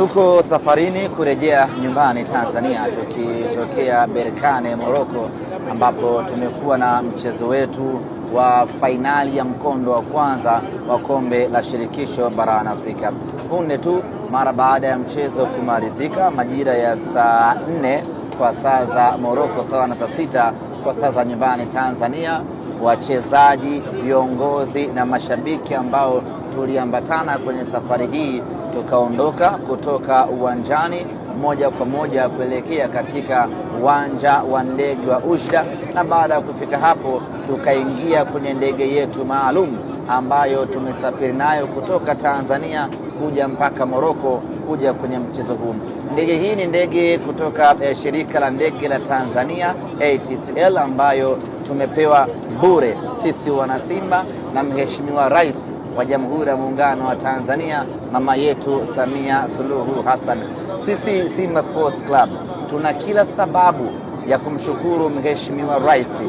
Tuko safarini kurejea nyumbani Tanzania tukitokea Berkane Morocco, ambapo tumekuwa na mchezo wetu wa fainali ya mkondo wa kwanza wa kombe la shirikisho barani Afrika. Punde tu mara baada ya mchezo kumalizika majira ya saa nne kwa saa za Morocco, sawa na saa sita kwa saa za nyumbani Tanzania, wachezaji, viongozi na mashabiki ambao tuliambatana kwenye safari hii tukaondoka kutoka uwanjani moja kwa moja kuelekea katika uwanja wa ndege wa Ushda, na baada ya kufika hapo tukaingia kwenye ndege yetu maalum ambayo tumesafiri nayo kutoka Tanzania kuja mpaka Moroko kuja kwenye mchezo huu. Ndege hii ni ndege kutoka eh, shirika la ndege la Tanzania ATCL ambayo tumepewa bure sisi wanasimba na Mheshimiwa Rais wa Jamhuri ya Muungano wa Tanzania, mama yetu Samia Suluhu Hassan. Sisi Simba Sports Club tuna kila sababu ya kumshukuru Mheshimiwa Rais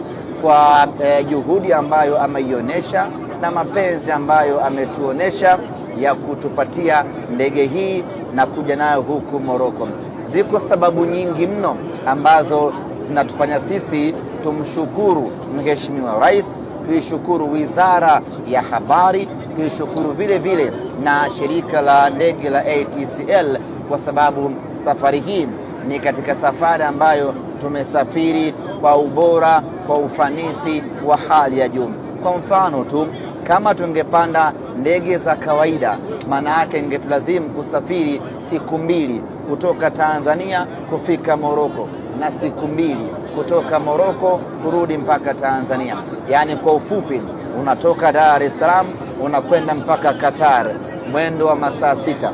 kwa eh, juhudi ambayo ameionyesha na mapenzi ambayo ametuonesha ya kutupatia ndege hii na kuja nayo huku Moroko. Ziko sababu nyingi mno ambazo zinatufanya sisi tumshukuru Mheshimiwa Rais, tuishukuru Wizara ya Habari kuishukuru vile vile na shirika la ndege la ATCL kwa sababu safari hii ni katika safari ambayo tumesafiri kwa ubora, kwa ufanisi wa hali ya juu. Kwa mfano tu, kama tungepanda ndege za kawaida, maana yake ingetulazimu kusafiri siku mbili kutoka Tanzania kufika Moroko na siku mbili kutoka Moroko kurudi mpaka Tanzania. Yaani kwa ufupi, unatoka Dar es Salaam unakwenda mpaka Qatar mwendo wa masaa sita,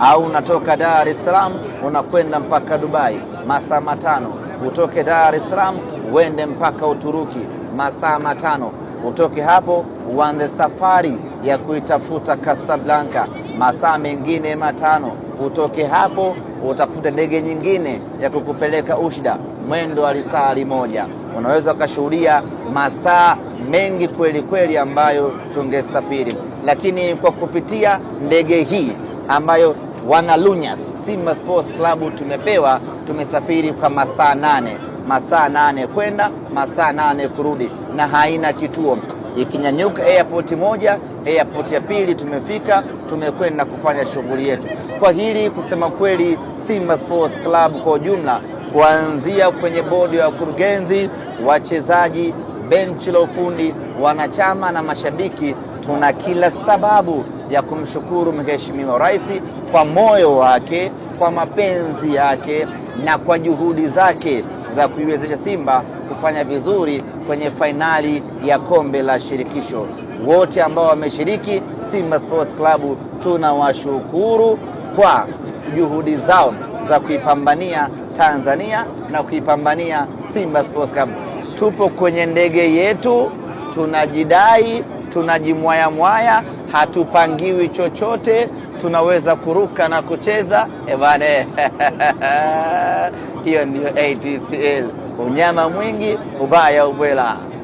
au unatoka Dar es Salaam unakwenda mpaka Dubai masaa matano, utoke Dar es Salaam uende mpaka Uturuki masaa matano, utoke hapo uanze safari ya kuitafuta Casablanca masaa mengine matano, utoke hapo utafute ndege nyingine ya kukupeleka Ushda mwendo wa lisali moja unaweza ukashuhudia masaa mengi kweli kweli ambayo tungesafiri, lakini kwa kupitia ndege hii ambayo Lunyas Simba Sports Club tumepewa, tumesafiri kwa masaa nane, masaa nane kwenda, masaa nane kurudi, na haina kituo ikinyanyuka airport moja airport ya pili, tumefika tumekwenda kufanya shughuli yetu. Kwa hili kusema kweli, Simba Sports Club kwa ujumla kuanzia kwenye bodi ya wakurugenzi, wachezaji, benchi la ufundi, wanachama na mashabiki. Tuna kila sababu ya kumshukuru Mheshimiwa Rais kwa moyo wake, kwa mapenzi yake na kwa juhudi zake za kuiwezesha Simba kufanya vizuri kwenye fainali ya kombe la shirikisho. Wote ambao wameshiriki, Simba Sports Club tunawashukuru kwa juhudi zao za kuipambania Tanzania na kuipambania Simba Sports Club. Tupo kwenye ndege yetu, tunajidai, tunajimwayamwaya, hatupangiwi chochote, tunaweza kuruka na kucheza ebane. Hiyo ndiyo ATCL, unyama mwingi, ubaya ubwela.